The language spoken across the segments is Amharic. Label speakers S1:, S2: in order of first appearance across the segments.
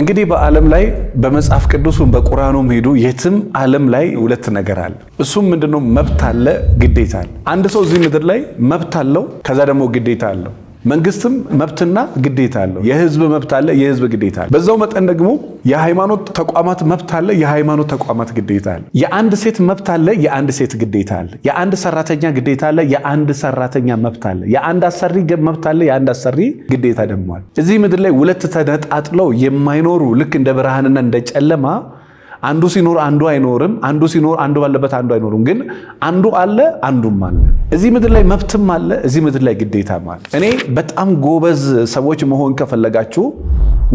S1: እንግዲህ በዓለም ላይ በመጽሐፍ ቅዱሱም በቁርአኑም ሄዱ የትም ዓለም ላይ ሁለት ነገር አለ። እሱም ምንድነው? መብት አለ፣ ግዴታ አለ። አንድ ሰው እዚህ ምድር ላይ መብት አለው፣ ከዛ ደግሞ ግዴታ አለው። መንግስትም መብትና ግዴታ አለው። የህዝብ መብት አለ፣ የህዝብ ግዴታ አለ። በዛው መጠን ደግሞ የሃይማኖት ተቋማት መብት አለ፣ የሃይማኖት ተቋማት ግዴታ አለ። የአንድ ሴት መብት አለ፣ የአንድ ሴት ግዴታ አለ። የአንድ ሰራተኛ ግዴታ አለ፣ የአንድ ሰራተኛ መብት አለ። የአንድ አሰሪ መብት አለ፣ የአንድ አሰሪ ግዴታ ደግሞ አለ። እዚህ ምድር ላይ ሁለት ተነጣጥለው የማይኖሩ ልክ እንደ ብርሃንና እንደ ጨለማ አንዱ ሲኖር አንዱ አይኖርም፣ አንዱ ሲኖር አንዱ ባለበት አንዱ አይኖርም። ግን አንዱ አለ፣ አንዱም አለ። እዚህ ምድር ላይ መብትም አለ፣ እዚህ ምድር ላይ ግዴታም አለ። እኔ በጣም ጎበዝ ሰዎች መሆን ከፈለጋችሁ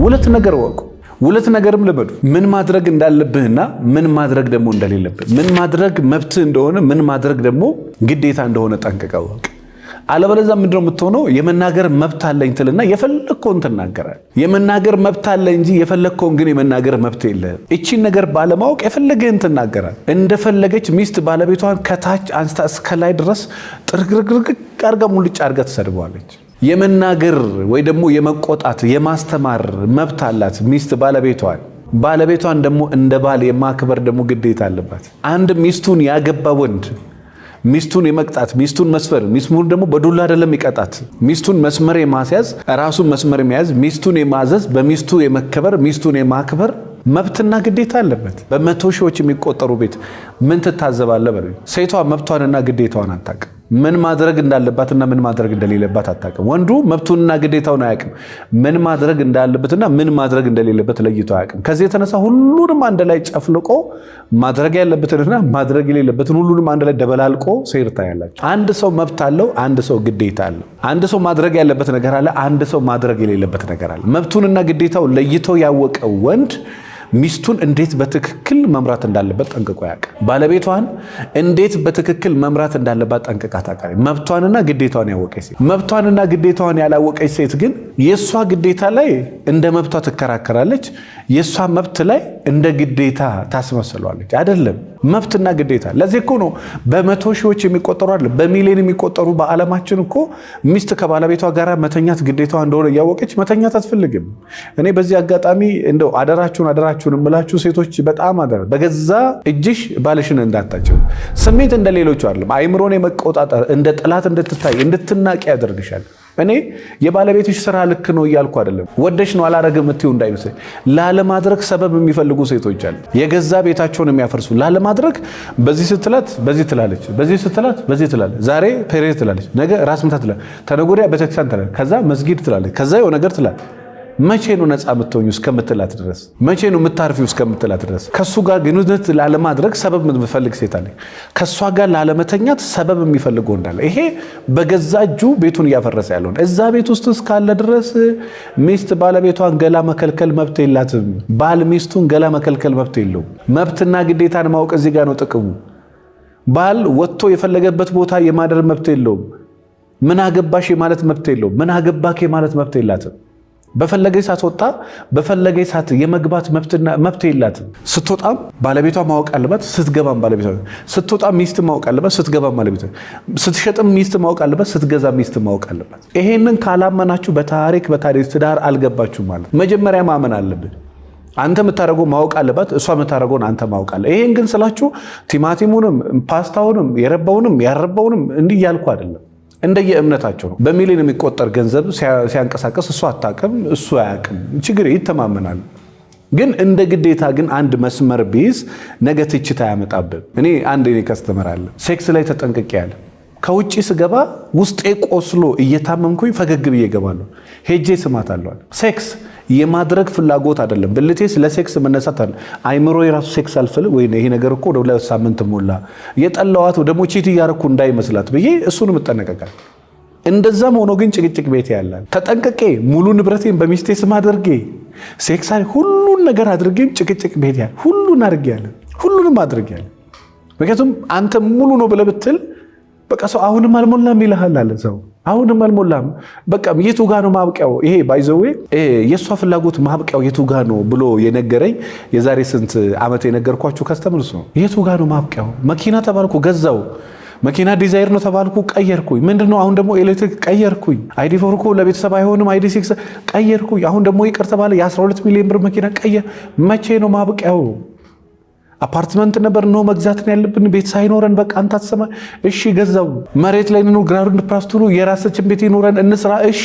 S1: ሁለት ነገር ወቁ፣ ሁለት ነገርም ልመዱ። ምን ማድረግ እንዳለብህና ምን ማድረግ ደግሞ እንደሌለብህ፣ ምን ማድረግ መብትህ እንደሆነ፣ ምን ማድረግ ደግሞ ግዴታ እንደሆነ ጠንቅቀው ወቅ አለበለዚያ ነው የምትሆነው? የመናገር መብት አለኝ ትልና የፈለግከውን ትናገራል። የመናገር መብት አለ እንጂ የፈለግከውን ግን የመናገር መብት የለህም። እቺን ነገር ባለማወቅ የፈለገህን ትናገራል። እንደፈለገች ሚስት ባለቤቷን ከታች አንስታ እስከ ላይ ድረስ ጥርግርግርግ አርጋ ሙልጭ አርጋ ትሰድበዋለች። የመናገር ወይ ደግሞ የመቆጣት የማስተማር መብት አላት ሚስት ባለቤቷን ባለቤቷን ደግሞ እንደ ባል የማክበር ደግሞ ግዴታ አለባት። አንድ ሚስቱን ያገባ ወንድ ሚስቱን የመቅጣት ሚስቱን መስፈር ሚስቱን ደግሞ በዱላ አይደለም ይቀጣት። ሚስቱን መስመር የማስያዝ ራሱን መስመር የመያዝ ሚስቱን የማዘዝ በሚስቱ የመከበር ሚስቱን የማክበር መብትና ግዴታ አለበት። በመቶ ሺዎች የሚቆጠሩ ቤት ምን ትታዘባለ? በ ሴቷ መብቷንና ግዴታዋን አታውቅም። ምን ማድረግ እንዳለባትና ምን ማድረግ እንደሌለባት አታውቅም። ወንዱ መብቱንና ግዴታውን አያውቅም። ምን ማድረግ እንዳለበትና ምን ማድረግ እንደሌለበት ለይቶ አያውቅም። ከዚህ የተነሳ ሁሉንም አንድ ላይ ጨፍልቆ ማድረግ ያለበትንና ማድረግ የሌለበትን ሁሉንም አንድ ላይ ደበላልቆ ሴር ታያላችሁ። አንድ ሰው መብት አለው፣ አንድ ሰው ግዴታ አለው። አንድ ሰው ማድረግ ያለበት ነገር አለ፣ አንድ ሰው ማድረግ የሌለበት ነገር አለ። መብቱንና ግዴታው ለይቶ ያወቀ ወንድ ሚስቱን እንዴት በትክክል መምራት እንዳለበት ጠንቅቆ ያውቃል። ባለቤቷን እንዴት በትክክል መምራት እንዳለባት ጠንቅቃ ታውቃለች። መብቷንና ግዴታዋን ያወቀች ሴት መብቷንና ግዴታዋን ያላወቀች ሴት ግን የእሷ ግዴታ ላይ እንደ መብቷ ትከራከራለች፣ የእሷ መብት ላይ እንደ ግዴታ ታስመስለዋለች። አይደለም መብትና ግዴታ። ለዚህ እኮ ነው በመቶ ሺዎች የሚቆጠሩ አለ በሚሊዮን የሚቆጠሩ በዓለማችን እኮ ሚስት ከባለቤቷ ጋር መተኛት ግዴታዋ እንደሆነ እያወቀች መተኛት አትፈልግም። እኔ በዚህ አጋጣሚ እንደው አደራችሁን አደራችሁን የምላችሁ ሴቶች በጣም አደራ፣ በገዛ እጅሽ ባልሽን እንዳታቸው። ስሜት እንደሌሎቹ አይደለም፣ አይምሮን የመቆጣጠር እንደ ጠላት እንድትታይ እንድትናቂ ያደርግሻል። እኔ የባለቤትሽ ስራ ልክ ነው እያልኩ አይደለም። ወደሽ ነው አላረግ እትዩ እንዳይመስል። ላለማድረግ ሰበብ የሚፈልጉ ሴቶች አሉ፣ የገዛ ቤታቸውን የሚያፈርሱ ላለማድረግ። በዚህ ስትላት በዚህ ትላለች፣ በዚህ ስትላት በዚህ ትላለች። ዛሬ ፔሬ ትላለች፣ ነገ ራስ ምታት ትላለች፣ ተነገ ወዲያ ቤተክርስቲያን ትላለች፣ ከዛ መስጊድ ትላለች፣ ከዛ የሆነ ነገር ትላለች። መቼ ነው ነፃ የምትሆኙ እስከምትላት ድረስ መቼ ነው የምታርፊው እስከምትላት ድረስ ከእሱ ጋር ግንኙነት ላለማድረግ ሰበብ የምትፈልግ ሴት አለ። ከእሷ ጋር ላለመተኛት ሰበብ የሚፈልግ ወንድ አለ። ይሄ በገዛ እጁ ቤቱን እያፈረሰ ያለውን እዛ ቤት ውስጥ እስካለ ድረስ ሚስት ባለቤቷን ገላ መከልከል መብት የላትም። ባል ሚስቱን ገላ መከልከል መብት የለውም። መብትና ግዴታን ማወቅ እዚህ ጋር ነው ጥቅሙ። ባል ወጥቶ የፈለገበት ቦታ የማደር መብት የለውም። ምን አገባሽ የማለት መብት የለውም። ምን አገባክ የማለት መብት የላትም። በፈለገኝ ሰዓት ወጣ፣ በፈለገኝ ሰዓት የመግባት መብት የላትም። ስትወጣም ባለቤቷ ማወቅ አለበት፣ ስትገባም ባለቤቷ። ስትወጣ ሚስት ማወቅ አለበት፣ ስትገባም ባለቤቷ። ስትሸጥም ሚስት ማወቅ አለበት፣ ስትገዛ ሚስት ማወቅ አለበት። ይሄንን ካላመናችሁ በታሪክ በታሪክ ትዳር አልገባችሁ ማለት። መጀመሪያ ማመን አለብን። አንተ የምታደርገው ማወቅ አለባት፣ እሷ የምታደረገውን አንተ ማወቅ አለ። ይሄን ግን ስላችሁ ቲማቲሙንም ፓስታውንም የረባውንም ያረባውንም እንዲህ እያልኩ አይደለም። እንደየእምነታቸው ነው። በሚሊዮን የሚቆጠር ገንዘብ ሲያንቀሳቀስ እሱ አታቅም፣ እሱ አያቅም፣ ችግር ይተማመናል። ግን እንደ ግዴታ ግን አንድ መስመር ቢይዝ ነገ ትችት አያመጣብን። እኔ አንድ እኔ ከስተመር አለ ሴክስ ላይ ተጠንቅቄ ያለ ከውጭ ስገባ ውስጤ ቆስሎ እየታመምኩኝ ፈገግ ብዬ እገባለሁ። ሄጄ ስማት አለዋል ሴክስ የማድረግ ፍላጎት አይደለም። ብልቴስ ለሴክስ መነሳት አለ አይምሮ የራሱ ሴክስ አልፈል ወይ ይሄ ነገር እኮ ወደ ሁለት ሳምንት ሞላ የጠላዋት ደግሞ ቺት እያረኩ እንዳይመስላት ብዬ እሱንም እጠነቀቃል። እንደዛም ሆኖ ግን ጭቅጭቅ ቤት ያለን ተጠንቀቄ ሙሉ ንብረቴን በሚስቴ ስም አድርጌ ሴክስ ሴክሳ ሁሉን ነገር አድርጌም ጭቅጭቅ ቤት ያለ ሁሉን አድርጌ ያለ ሁሉንም አድርጌ ያለ ምክንያቱም አንተ ሙሉ ነው ብለህ ብትል በቃ ሰው አሁንም አልሞላም ይልሃል አለ ሰው አሁንም አልሞላም። በቃ የቱ ጋ ነው ማብቂያው? ይሄ ባይዘዌ የእሷ ፍላጎት ማብቂያው የቱ ጋ ነው ብሎ የነገረኝ የዛሬ ስንት ዓመት የነገርኳችሁ ከስተምርስ ነው። የቱ ጋ ነው ማብቂያው? መኪና ተባልኩ ገዛው። መኪና ዲዛይር ነው ተባልኩ ቀየርኩኝ። ምንድን ነው አሁን ደግሞ ኤሌክትሪክ ቀየርኩኝ። አይዲ ፎር እኮ ለቤተሰብ አይሆንም፣ አይዲ ሲክስ ቀየርኩኝ። አሁን ደግሞ ይቅር ተባለ፣ የ12 ሚሊዮን ብር መኪና ቀየር። መቼ ነው ማብቂያው? አፓርትመንት ነበር ነው መግዛትን ያለብን፣ ቤት ሳይኖረን በቃ አንተ አትሰማ። እሺ ገዛው፣ መሬት ላይ ነው ግራውንድ ፕራስቱሩ የራሳችን ቤት ይኖረን እንስራ። እሺ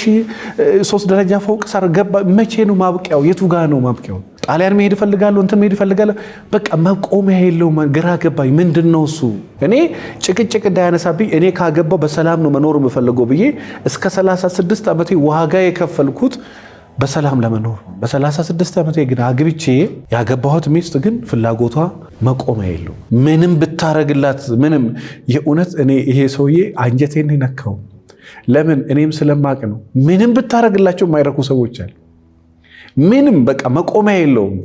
S1: ሶስት ደረጃ ፎቅ ሳር ገባ። መቼ ነው ማብቂያው? የቱ ጋር ነው ማብቂያው? ጣሊያን መሄድ እፈልጋለሁ፣ እንትን መሄድ እፈልጋለሁ። በቃ መቆሚያ የለውም። ግራ ገባኝ። ምንድን ነው እሱ? እኔ ጭቅጭቅ እንዳያነሳብኝ እኔ ካገባው በሰላም ነው መኖር የምፈልገው ብዬ እስከ 36 ዓመቴ ዋጋ የከፈልኩት በሰላም ለመኖር በ36 ዓመቴ ግን አግብቼ ያገባሁት ሚስት ግን ፍላጎቷ መቆሚያ የለውም። ምንም ብታረግላት ምንም የእውነት እኔ ይሄ ሰውዬ አንጀቴን ነካው። ለምን እኔም ስለማቅ ነው። ምንም ብታረግላቸው የማይረኩ ሰዎች አሉ። ምንም በቃ መቆሚያ የለውም።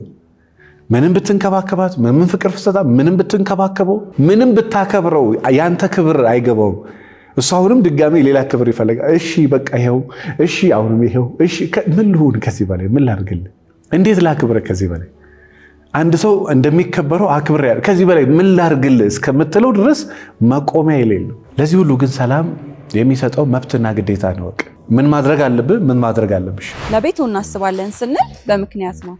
S1: ምንም ብትንከባከባት፣ ምንም ፍቅር ፍሰታ፣ ምንም ብትንከባከበው፣ ምንም ብታከብረው ያንተ ክብር አይገባው። እሱ አሁንም ድጋሜ ሌላ ክብር ይፈልጋል። እሺ በቃ ይኸው፣ እሺ አሁንም ይኸው፣ እሺ ምን ልሁን ከዚህ በላይ ምን ላድርግልህ? እንዴት ላክብረ ከዚህ በላይ አንድ ሰው እንደሚከበረው አክብር ያለ ከዚህ በላይ ምን ላርግልህ እስከምትለው ድረስ መቆሚያ የሌለው። ለዚህ ሁሉ ግን ሰላም የሚሰጠው መብትና ግዴታ ነው። ምን ማድረግ አለብህ? ምን ማድረግ አለብሽ?
S2: ለቤቱ እናስባለን ስንል በምክንያት ነው።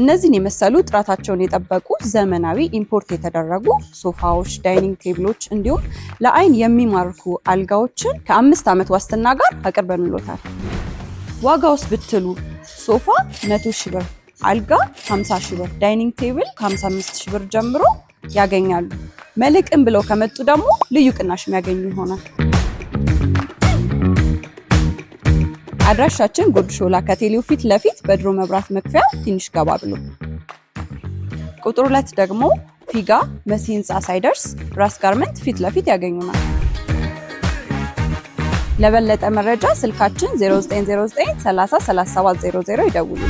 S2: እነዚህን የመሰሉ ጥራታቸውን የጠበቁ ዘመናዊ ኢምፖርት የተደረጉ ሶፋዎች፣ ዳይኒንግ ቴብሎች እንዲሁም ለአይን የሚማርኩ አልጋዎችን ከአምስት ዓመት ዋስትና ጋር አቅርበንሎታል። ዋጋውስ ብትሉ ሶፋ 100 ሺህ ብር፣ አልጋ 50 ሺህ ብር፣ ዳይኒንግ ቴብል ከ55 ሺህ ብር ጀምሮ ያገኛሉ። መልሕቅን ብለው ከመጡ ደግሞ ልዩ ቅናሽ የሚያገኙ ይሆናል። አድራሻችን ጉርድ ሾላ ከቴሌው ፊት ለፊት በድሮ መብራት መክፈያ ትንሽ ገባ ብሎ ቁጥር ሁለት ደግሞ ፊጋ መሲ ህንፃ ሳይደርስ ራስ ጋርመንት ፊት ለፊት ያገኙናል። ለበለጠ መረጃ ስልካችን 0909303700 ይደውሉ።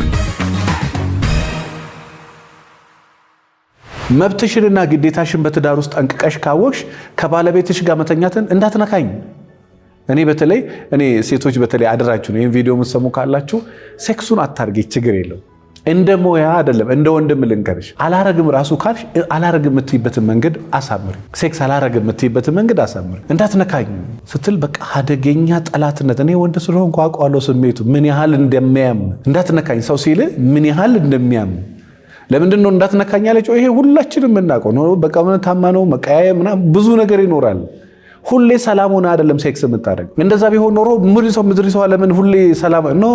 S1: መብትሽንና ግዴታሽን በትዳር ውስጥ ጠንቅቀሽ ካወቅሽ ከባለቤትሽ ጋር መተኛትን እንዳትነካኝ። እኔ በተለይ እኔ ሴቶች በተለይ አድራችሁ ነው ይህን ቪዲዮ የምትሰሙ ካላችሁ ሴክሱን አታርጌ ችግር የለው እንደ ሞያ አይደለም፣ እንደ ወንድም ልንገርሽ። አላረግም ራሱ ካልሽ አላረግም የምትይበትን መንገድ አሳምሪ። ሴክስ አላረግም የምትይበትን መንገድ አሳምሪ። እንዳትነካኝ ስትል በቃ አደገኛ ጠላትነት። እኔ ወንድ ስለሆንኩ አውቀዋለሁ ስሜቱ ምን ያህል እንደሚያም። እንዳትነካኝ ሰው ሲል ምን ያህል እንደሚያም ለምንድን ነው እንዳትነካኝ አለችው። ይሄ ሁላችንም የምናውቀው ነው። በቃ ታማ ነው መቀያየም፣ ብዙ ነገር ይኖራል። ሁሌ ሰላም ሆነ አይደለም ሴክስ የምታደርገው። እንደዛ ቢሆን ኖሮ ምድሪ ሰው ምድር ሰው አለምን ሁሌ ሰላም ኖ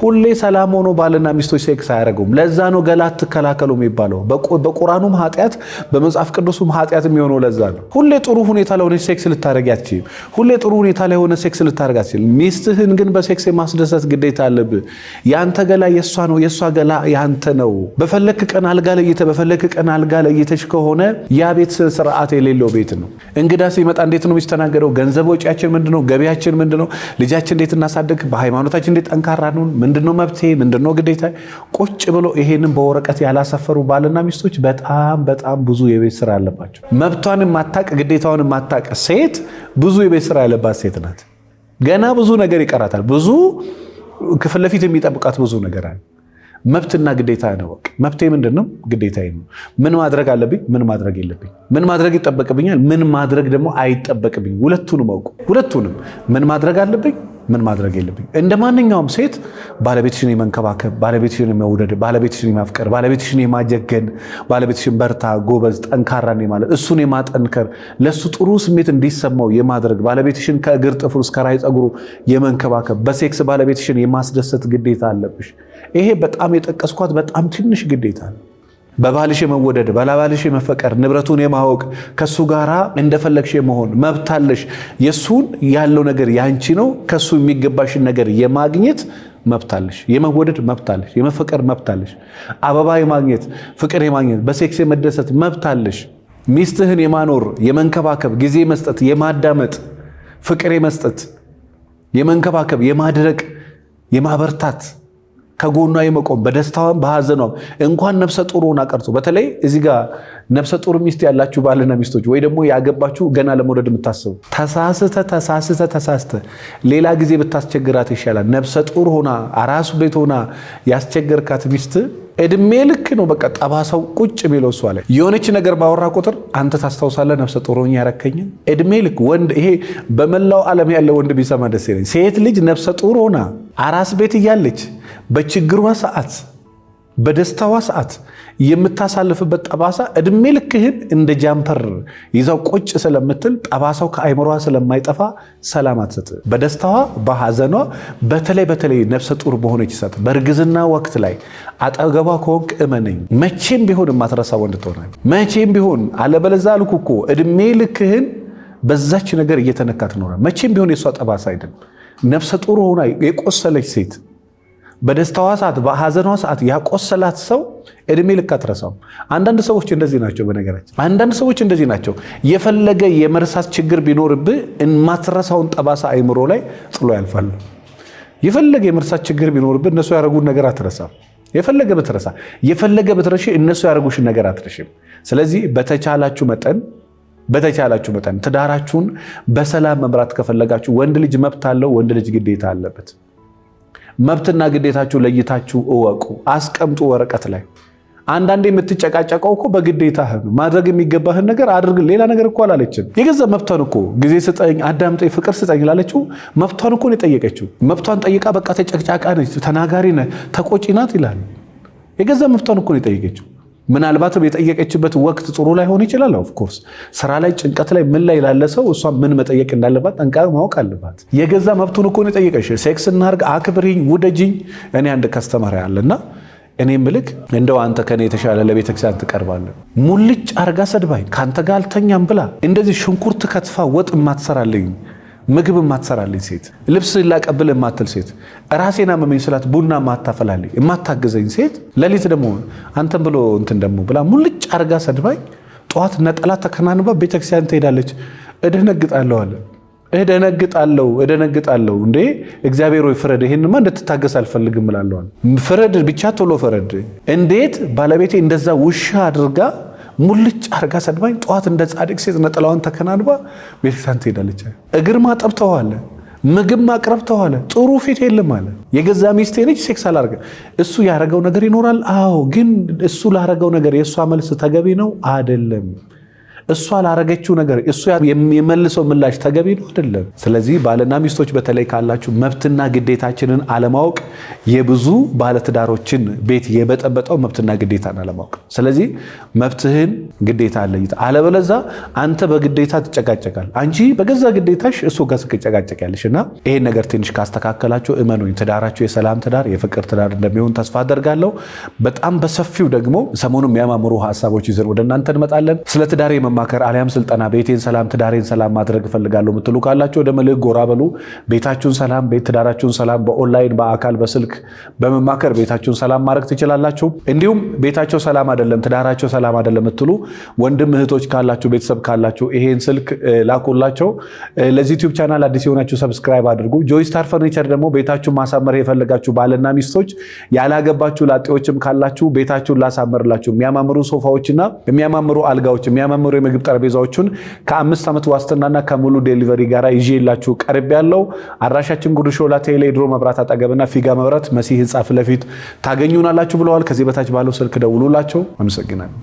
S1: ሁሌ ሰላም ሆኖ ባልና ሚስቶች ሴክስ አያደርጉም። ለዛ ነው ገላ አትከላከሉ የሚባለው። በቁራኑም ኃጢአት በመጽሐፍ ቅዱሱም ኃጢአት የሚሆነው ለዛ ነው። ሁሌ ጥሩ ሁኔታ ለሆነ ሴክስ ልታደርግ አትችልም። ሁሌ ጥሩ ሁኔታ ለሆነ ሴክስ ልታደርግ አትችልም። ሚስትህን ግን በሴክስ የማስደሰት ግዴታ አለብህ። ያንተ ገላ የእሷ ነው፣ የእሷ ገላ ያንተ ነው። በፈለክ ቀን አልጋ ለይተ በፈለክ ቀን አልጋ ለይተሽ ከሆነ ያ ቤት ስርዓት የሌለው ቤት ነው። እንግዳ ሲመጣ እንዴት ነው የሚስተናገደው? ገንዘብ ወጪያችን ምንድን ነው? ገቢያችን ምንድን ነው? ልጃችን እንዴት እናሳድግ? በሃይማኖታችን እንዴት ጠንካራ እንሁን? ምንድነው መብትሄ? ምንድነው ግዴታ? ቁጭ ብሎ ይሄንን በወረቀት ያላሰፈሩ ባልና ሚስቶች በጣም በጣም ብዙ የቤት ስራ አለባቸው። መብቷን የማታቅ ግዴታዋን የማታቅ ሴት ብዙ የቤት ስራ ያለባት ሴት ናት። ገና ብዙ ነገር ይቀራታል። ብዙ ከፊት ለፊት የሚጠብቃት ብዙ ነገር አለ። መብትና ግዴታ ነው። መብቴ ምንድን ነው? ግዴታ ነው። ምን ማድረግ አለብኝ? ምን ማድረግ የለብኝ? ምን ማድረግ ይጠበቅብኛል? ምን ማድረግ ደግሞ አይጠበቅብኝ? ሁለቱንም አውቁ። ሁለቱንም ምን ማድረግ አለብኝ ምን ማድረግ የለብኝ? እንደ ማንኛውም ሴት ባለቤትሽን የመንከባከብ ባለቤትሽን የመውደድ ባለቤትሽን የማፍቀር ባለቤትሽን የማጀገን ባለቤትሽን በርታ፣ ጎበዝ፣ ጠንካራ ማለት እሱን የማጠንከር ለእሱ ጥሩ ስሜት እንዲሰማው የማድረግ ባለቤትሽን ከእግር ጥፍሩ እስከ ራይ ፀጉሩ የመንከባከብ በሴክስ ባለቤትሽን የማስደሰት ግዴታ አለብሽ። ይሄ በጣም የጠቀስኳት በጣም ትንሽ ግዴታ ነው። በባልሽ የመወደድ ባላባልሽ የመፈቀር ንብረቱን የማወቅ ከሱ ጋራ እንደፈለግሽ የመሆን መብታለሽ። የእሱን ያለው ነገር ያንቺ ነው። ከሱ የሚገባሽን ነገር የማግኘት መብታለሽ፣ የመወደድ መብታለሽ፣ የመፈቀር መብታለሽ፣ አበባ የማግኘት ፍቅር የማግኘት በሴክስ የመደሰት መብታለሽ። ሚስትህን የማኖር የመንከባከብ ጊዜ መስጠት፣ የማዳመጥ ፍቅር የመስጠት የመንከባከብ፣ የማድረቅ፣ የማበርታት ከጎኗ የመቆም በደስታዋም በሐዘኗም እንኳን ነፍሰ ጡሩን ሆና በተለይ እዚህ ጋር ነፍሰ ጡር ሚስት ያላችሁ ባልና ሚስቶች ወይ ደግሞ ያገባችሁ ገና ለመውለድ የምታስቡ ተሳስተ ተሳስተ ተሳስተ ሌላ ጊዜ ብታስቸግራት ይሻላል። ነፍሰ ጡር ሆና አራሱ ቤት ሆና ያስቸገርካት ሚስት እድሜ ልክ ነው በቃ ጠባሳው ቁጭ የሚለው እሷ ላይ የሆነች ነገር ባወራ ቁጥር አንተ ታስታውሳለህ ነፍሰ ጡር ሆኜ ያረከኝን እድሜ ልክ ወንድ ይሄ በመላው ዓለም ያለ ወንድ ቢሰማ ደስ ይለኝ ሴት ልጅ ነፍሰ ጡር ሆና አራስ ቤት እያለች በችግሯ ሰዓት በደስታዋ ሰዓት የምታሳልፍበት ጠባሳ እድሜ ልክህን እንደ ጃምፐር ይዛው ቁጭ ስለምትል ጠባሳው ከአይምሯ ስለማይጠፋ ሰላም አትሰጥ። በደስታዋ በሐዘኗ፣ በተለይ በተለይ ነፍሰ ጡር በሆነች ሰዓት በእርግዝና ወቅት ላይ አጠገቧ ከወንክ እመነኝ፣ መቼም ቢሆን የማትረሳ ወንድ ትሆናል። መቼም ቢሆን አለበለዛ አልኩ እኮ እድሜ ልክህን በዛች ነገር እየተነካ ትኖራል። መቼም ቢሆን የእሷ ጠባሳ አይደለም። ነፍሰ ጡር ሆና የቆሰለች ሴት በደስታዋ ሰዓት በሐዘኗ ሰዓት ያቆሰላት ሰው እድሜ ልክ አትረሳውም አንዳንድ ሰዎች እንደዚህ ናቸው። በነገራችን አንዳንድ ሰዎች እንደዚህ ናቸው። የፈለገ የመርሳት ችግር ቢኖርብህ የማትረሳውን ጠባሳ አይምሮ ላይ ጥሎ ያልፋሉ። የፈለገ የመርሳት ችግር ቢኖርብህ እነሱ ያደረጉን ነገር አትረሳም። የፈለገ ብትረሳ የፈለገ ብትረሺ እነሱ ያደረጉሽን ነገር አትረሽም። ስለዚህ በተቻላችሁ መጠን በተቻላችሁ መጠን ትዳራችሁን በሰላም መምራት ከፈለጋችሁ ወንድ ልጅ መብት አለው። ወንድ ልጅ ግዴታ አለበት። መብትና ግዴታችሁ ለይታችሁ እወቁ፣ አስቀምጡ ወረቀት ላይ። አንዳንዴ የምትጨቃጨቀው እኮ በግዴታህ ነው። ማድረግ የሚገባህን ነገር አድርግ። ሌላ ነገር እኮ አላለችም። የገዛ መብቷን እኮ ጊዜ ስጠኝ፣ አዳምጠኝ፣ ፍቅር ስጠኝ ላለችው መብቷን እኮ ነው የጠየቀችው። መብቷን ጠይቃ በቃ ተጨቅጫቃ ነች፣ ተናጋሪ ነህ፣ ተቆጪ ይላል። የገዛ መብቷን እኮ ነው የጠየቀችው። ምናልባትም የጠየቀችበት ወቅት ጥሩ ላይሆን ይችላል። ኦፍኮርስ ስራ ላይ ጭንቀት ላይ ምን ላይ ላለ ሰው እሷ ምን መጠየቅ እንዳለባት ጠንቃቅ ማወቅ አለባት። የገዛ መብቱን እኮ ነው የጠየቀች። ሴክስ እናርግ፣ አክብሪኝ፣ ውደጅኝ። እኔ አንድ ከስተመር ያለና እኔ ምልክ እንደው አንተ ከኔ የተሻለ ለቤተክርስቲያን ትቀርባለህ፣ ሙልጭ አርጋ ሰድባኝ፣ ከአንተ ጋር አልተኛም ብላ እንደዚህ ሽንኩርት ከትፋ ወጥ ማትሰራለኝ ምግብ የማትሰራልኝ ሴት፣ ልብስ ላቀብል የማትል ሴት፣ ራሴን አመመኝ ስላት ቡና የማታፈላልኝ የማታገዘኝ ሴት፣ ሌሊት ደግሞ አንተን ብሎ እንትን ደግሞ ብላ ሙልጭ አርጋ ሰድባኝ፣ ጠዋት ነጠላ ተከናንባ ቤተክርስቲያን ትሄዳለች። እደነግጣለሁ አለ እደነግጣለሁ እደነግጣለሁ። እንዴ እግዚአብሔር ወይ ፍረድ፣ ይሄንማ እንድትታገስ አልፈልግም እላለሁ። ፍረድ ብቻ ቶሎ ፍረድ። እንዴት ባለቤቴ እንደዛ ውሻ አድርጋ ሙልጭ አርጋ ሰድባኝ። ጠዋት እንደ ጻድቅ ሴት ነጠላውን ተከናንባ ቤተክርስቲያን ትሄዳለች። እግር ማጠብ ተዋለ፣ ምግብ ማቅረብ ተዋለ። ጥሩ ፊት የለም አለ። የገዛ ሚስቴ ሴክስ አላርገ። እሱ ያረገው ነገር ይኖራል። አዎ፣ ግን እሱ ላረገው ነገር የእሷ መልስ ተገቢ ነው አደለም። እሷ ላረገችው ነገር እሱ የመልሰው ምላሽ ተገቢ ነው አይደለም። ስለዚህ ባልና ሚስቶች በተለይ ካላችሁ መብትና ግዴታችንን አለማወቅ የብዙ ባለትዳሮችን ቤት የበጠበጠው መብትና ግዴታን አለማወቅ። ስለዚህ መብትህን ግዴታ አለይት። አለበለዛ አንተ በግዴታ ትጨቃጨቃል፣ አንቺ በገዛ ግዴታሽ እሱ ጋር ስጨቃጨቅ እና ይሄን ነገር ትንሽ ካስተካከላችሁ እመኑኝ ትዳራችሁ የሰላም ትዳር የፍቅር ትዳር እንደሚሆን ተስፋ አደርጋለሁ። በጣም በሰፊው ደግሞ ሰሞኑን የሚያማምሩ ሀሳቦች ይዘን ወደ እናንተ እንመጣለን። ስለ ትዳር ማማከር አሊያም ስልጠና ቤቴን ሰላም ትዳሬን ሰላም ማድረግ እፈልጋለሁ የምትሉ ካላችሁ ወደ መልሕቅ ጎራ በሉ። ቤታችሁን ሰላም፣ ቤት ትዳራችሁን ሰላም በኦንላይን በአካል በስልክ በመማከር ቤታችሁን ሰላም ማድረግ ትችላላችሁ። እንዲሁም ቤታቸው ሰላም አይደለም፣ ትዳራቸው ሰላም አይደለም የምትሉ ወንድም እህቶች ካላችሁ ቤተሰብ ካላችሁ ይሄን ስልክ ላኩላቸው። ለዚህ ዩቲዩብ ቻናል አዲስ የሆናችሁ ሰብስክራይብ አድርጉ። ጆይስታር ፈርኒቸር ደግሞ ቤታችሁን ማሳመር የፈለጋችሁ ባልና ሚስቶች ያላገባችሁ ላጤዎችም ካላችሁ ቤታችሁን ላሳመርላችሁ የሚያማምሩ ሶፋዎችና የሚያማምሩ አልጋዎች የሚያማምሩ የምግብ ጠረጴዛዎቹን ከአምስት ዓመት ዋስትናና ከሙሉ ዴሊቨሪ ጋር ይዤላችሁ ቀርብ ያለው አድራሻችን ጉርድ ሾላ ቴሌ ድሮ መብራት አጠገብና ፊጋ መብራት መሲህ ህንፃ ፊት ለፊት ታገኙናላችሁ ብለዋል። ከዚህ በታች ባለው ስልክ ደውሉላቸው። አመሰግናለሁ።